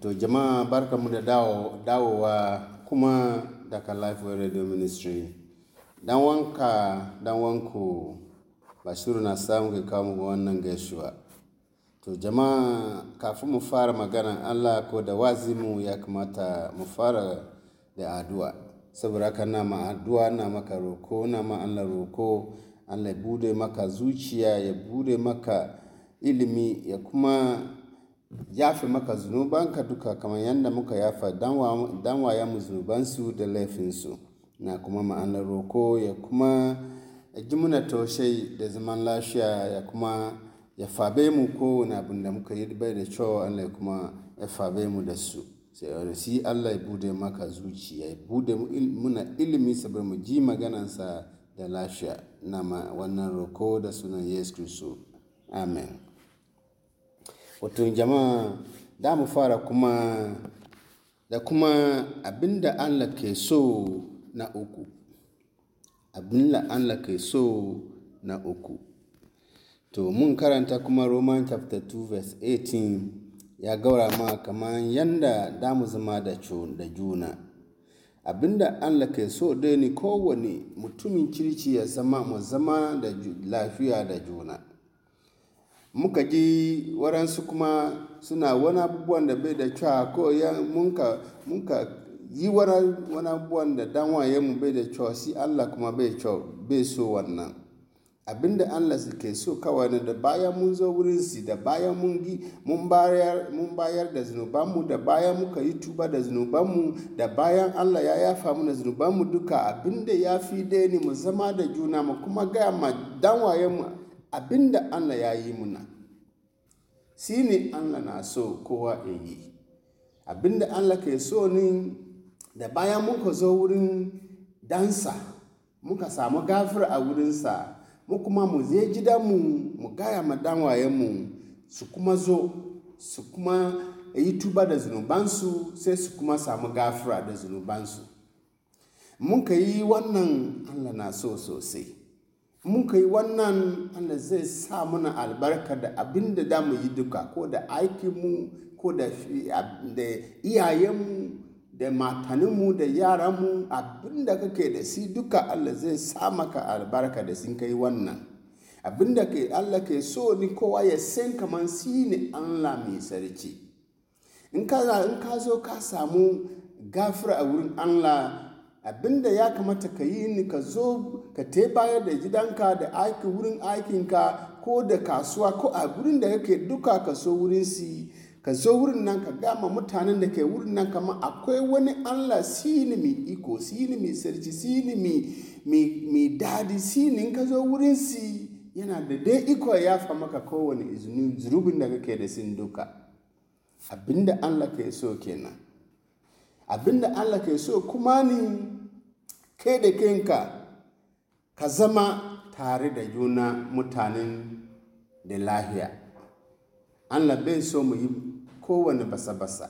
To jama'a mu da dawowa kuma daga way Radio Ministry. Dan wanka dan wanku Bashiru na samu ka kawo ga wannan gaisuwa. To jama'a kafin mu fara magana Allah ko da wazimu ya kamata mu fara da addu'a. Saboda haka na ma addu'a na maka roko na ma Allah roko Allah ya bude maka zuciya ya bude maka ilimi ya kuma yafe maka zunubanka duka kamar yadda muka yafa mu zunubansu da laifinsu na kuma ma'anar roko ya kuma ji muna taushai da zaman lafiya ya kuma ya fabe mu kowane abin da muka yi bai da cewa Allah ya kuma ya fabe mu da su sai wani si Allah ya bude maka zuciya ya bude muna ilimi saboda mu ji maganansa da lafiya na wannan roko da sunan Yesu Kristo amen Wato jama'a da mu fara kuma da kuma abinda Allah ke so na uku. abinda Allah ke so na uku. To mun karanta kuma Roman chapter 2 verse 18 ya gaura ma kamar yanda da mu zama da juna. abinda Allah ke so dai ni kowane mutumin kirki ya zama mu zama da lafiya da juna muka ji waransu kuma suna wani abubuwan da bai da cewa ko ya munka munka yi wani abubuwan da dan mu bai da cewa si Allah kuma bai cewa bai so wannan abinda Allah ke so kawai ne da bayan mun zo wurin si da bayan mun gi mun bayar mun bayar da zunubanmu da bayan muka yi tuba da zunubanmu da bayan Allah ya yafa mu da zunubanmu duka abinda ya fi dai ni mu zama da juna mu kuma gaya ma dan mu Abinda da Allah ya yi muna shi ne Allah na so kowa ya yi abin da Allah ke so ne da bayan muka zo wurin dansa muka samu gafir a wurinsa mu kuma mu je gidanmu mu gaya ma mu, su kuma zo su kuma yi tuba da zunubansu sai su kuma samu gafira da zunubansu mun ka yi wannan allah na so sosai ka yi wannan Allah zai sa mana albarka da abin da za mu yi duka ko da aikinmu ko da iyayenmu da mataninmu da yaranmu abin da kake da si duka Allah zai sa maka albarka da sun kai wannan abin da Allah ke so ni kowa ya san kamar si ne Allah mai sarki in ka zo ka samu gafira a wurin Allah abinda ya kamata ka yi ni ka zo ka te bayar da gidanka da aiki wurin aikinka ko da kasuwa ko a wurin da kake duka ka so wurin si ka zo wurin nan ka gama mutanen da ke wurin nan kama akwai wani allah sini iko sini sarki sini mai dadi sini ka zo wurin si yana da dai iko ya fa maka kowane izini zurubin da kake da sin duka abinda allah ke so kenan abinda Allah ke so kuma ni kai da kanka ka zama tare da juna mutanen da lahiya Allah bai so mu yi kowane basa-basa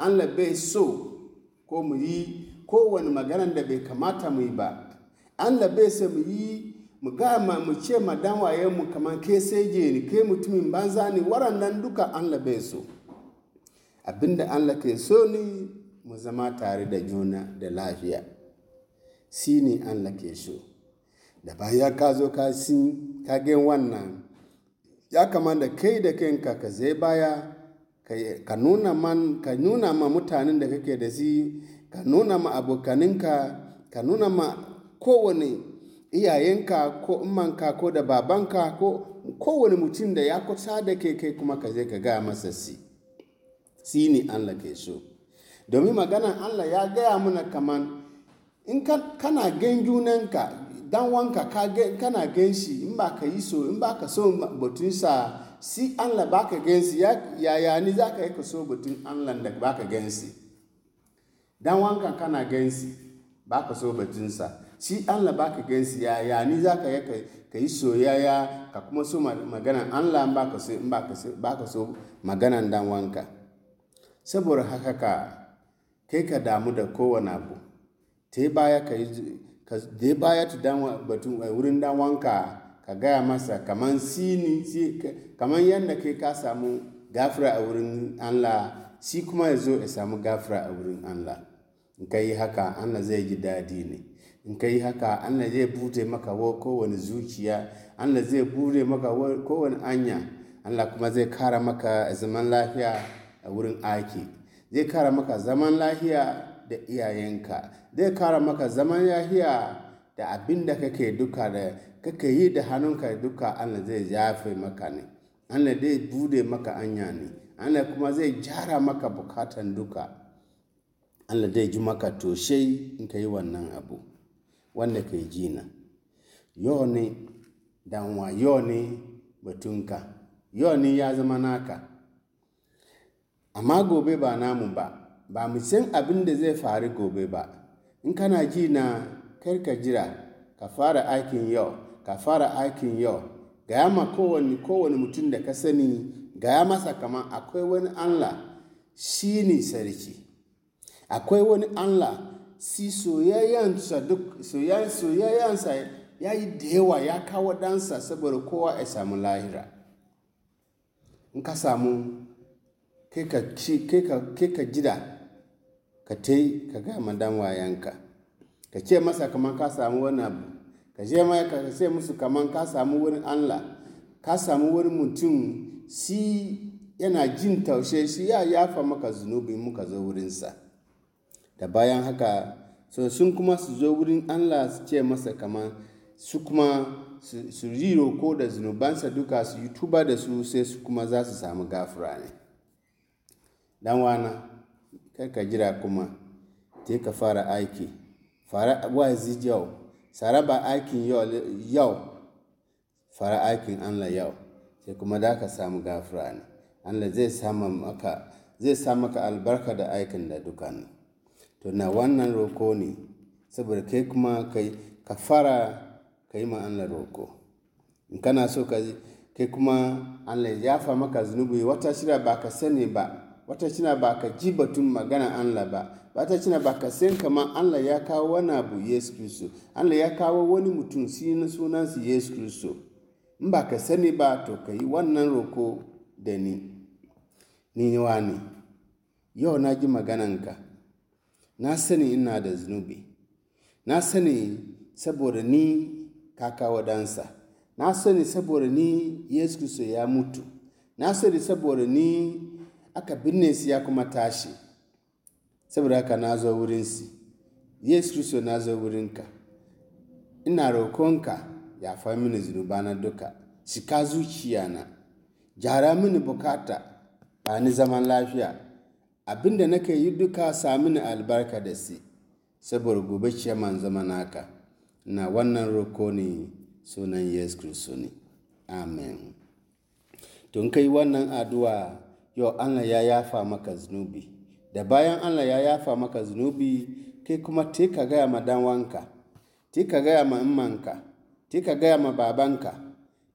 Allah bai so ko mu yi kowane maganar da bai kamata mu yi ba Allah bai so mu yi mu gama mu ce ma mu kamar ke seje ni ke mutumin banza ne waɗannan duka Allah bai so abinda Allah ke so ni mu zama tare da juna da lafiya shi ne an ke so da baya ka zo ka ga wannan ya da kai da kanka ka zai baya ka nuna man ka nuna ma mutanen da kake da shi ka nuna ma abokaninka ka nuna ma kowane iyayenka ko umanka ko da babanka ko kowane mutum da ya kusa da kai kai kuma ka je ka gaya masa si shi ne Allah ke so domin maganan allah ya gaya mana kaman in kana gan junanka dan wanka kana gan shi in ba ka yi so in ba ka so batunsa si allah ba ka gan shi yaya ni za ka yi ka so batun allah da ba ka gan shi dan wanka kana gan shi ba ka so batunsa si allah ba ka gan shi yaya ni za ka yi ka yi soyayya ka kuma so an allah ba ka so magana dan wanka saboda haka ka kai ka damu da kowane abu te baya ka yi da ya baya ta dan batun eh, wurin dan wanka ka gaya masa kaman sini si, kaman yadda kai ka samu gafira a wurin Allah shi kuma ya zo ya samu gafira a wurin Allah in ka yi haka Allah zai ji dadi ne in ka yi haka Allah zai bude maka kowane zuciya Allah zai bude maka kowane anya Allah kuma zai kara maka zaman lafiya a wurin aiki zai kara maka zaman lahiya da iyayenka zai kara maka zaman lahiya da abin da kake duka da kake yi da hannunka duka Allah zai yafe maka ne Allah zai bude maka anya ne Allah kuma zai jara maka bukatan duka Allah zai ji maka toshe in ka yi wannan abu wanda ka yi jina yau ne danwa yau ne batunka yau ne ya zama naka Amma gobe ba namu ba, ba mu san abin da zai faru gobe ba. In kana ji na kar ka jira, ka fara aikin yau, ka fara aikin yau. Gaya ma kowane, kowane mutum da ka sani, gaya masa kama akwai wani Allah, shi ne sarki. Akwai wani Allah, si soyayyansa duk, soyayyansa ya yi da yawa ya kawo ɗansa saboda kowa ya samu lahira. In ka samu kai ka ci kai ka kai ka ka tai ka ga madan wayanka ka ce masa kaman ka samu wani abu ka je mai ka ce musu kaman ka samu wani Allah ka samu wani mutum si yana jin taushe shi ya yafa maka zunubi muka zo wurinsa da bayan haka so sun kuma su zo wurin Allah su ce masa kaman su kuma su yi ko da zunubansa duka su yi tuba da su sai su kuma za su samu gafura ne dan wana kar ka jira kuma te ka fara aiki fara wazi yau saraba aikin yau fara aikin Allah yau sai kuma da ka samu gafara ne Allah zai sama maka zai sa maka albarka da aikin da dukkanin to na wannan roko ne saboda kai kuma kai ka fara ka yi ma Allah roko in kana so ka kai kuma Allah ya fa maka zunubi wata shida ba ka sani ba wata cina ba ka ji batun magana Allah ba wata cina ba ka san kamar Allah ya kawo wani abu Yesu Kristo Allah ya kawo wani mutum shi na Yesu Kristo in ba ka sani ba to ka yi wannan roko da ni ni wa ne yau na ji magananka na sani ina da zunubi na sani saboda ni kakawa dansa na sani saboda ni Yesu Kristo ya mutu na sani saboda ni aka binne su ya kuma tashi saboda ka na zo wurinsu yesu kristo na zo wurinka ina rokonka ya fa mini na duka cika zuciya na gyara mini bukata ba ni zaman lafiya abinda nake yi duka mini albarka da si saboda gobe man zama naka na wannan roko ne sunan yesu kristo ne amen tun kai wannan addu'a yau Allah ya yafa maka zunubi da bayan Allah ya yafa maka zunubi kai kuma te ka gaya ma dan te ka gaya ma immanka te ka gaya ma babanka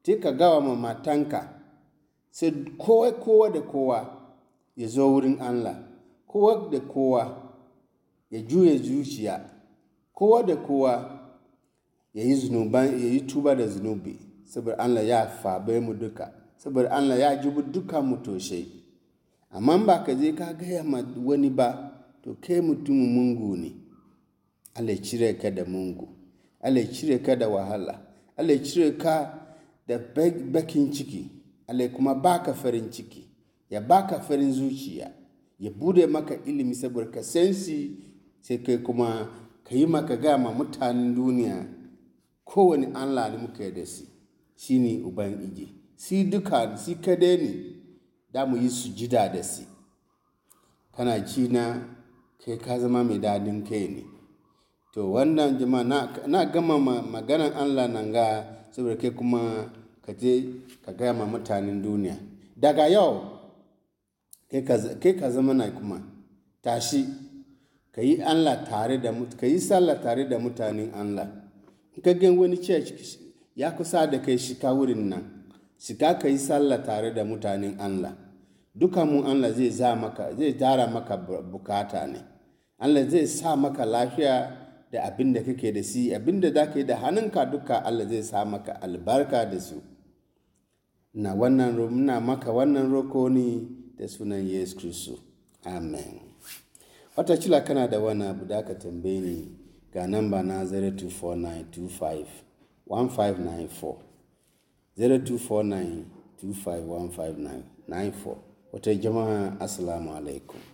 te ka gawa ma matanka sai kowa kowa da kowa ya zo wurin Allah kowa da kowa ya juya zuciya kowa da kowa ya yi zunuban ya yi tuba da zunubi saboda Allah ya fabe mu duka saboda Allah ya jubu duka mu toshe amma ba ka je ka gaya ma wani ba to kai mutumin mungu ne Allah cire ka da mungu Allah cire ka da wahala Allah cire ka da bakin ciki Allah kuma baka farin ciki ya baka farin zuciya ya bude maka ilimi saboda ka sensi sai kai kuma ka yi maka gama mutanen duniya kowane Allah ne muka yi da shi shine ubangiji si duka si kadai ne za mu yi sujida da si kana ci na kai ka zama mai dadin kai ne to wannan jima na gama maganan allah nan ga saboda kai kuma ka je ka gaya ma mutanen duniya daga yau kai ka zama na kuma tashi ka yi allah tare da ka yi sallah tare da mutanen allah in ka gan wani church ya kusa da kai shika wurin nan shika ka yi sallah tare da mutanen allah duka mu Allah zai za maka zai tara maka bukata ne Allah zai sa maka lafiya da abin da kake da shi abin da za ka yi da hannunka duka Allah zai sa maka albarka da su na wannan muna maka wannan roko ne da sunan Yesu Kristo amen wata cila kana da wani abu da ka tambaye ni ga number na 0249251594 0249251594 Watai jama'a, assalamu alaikum.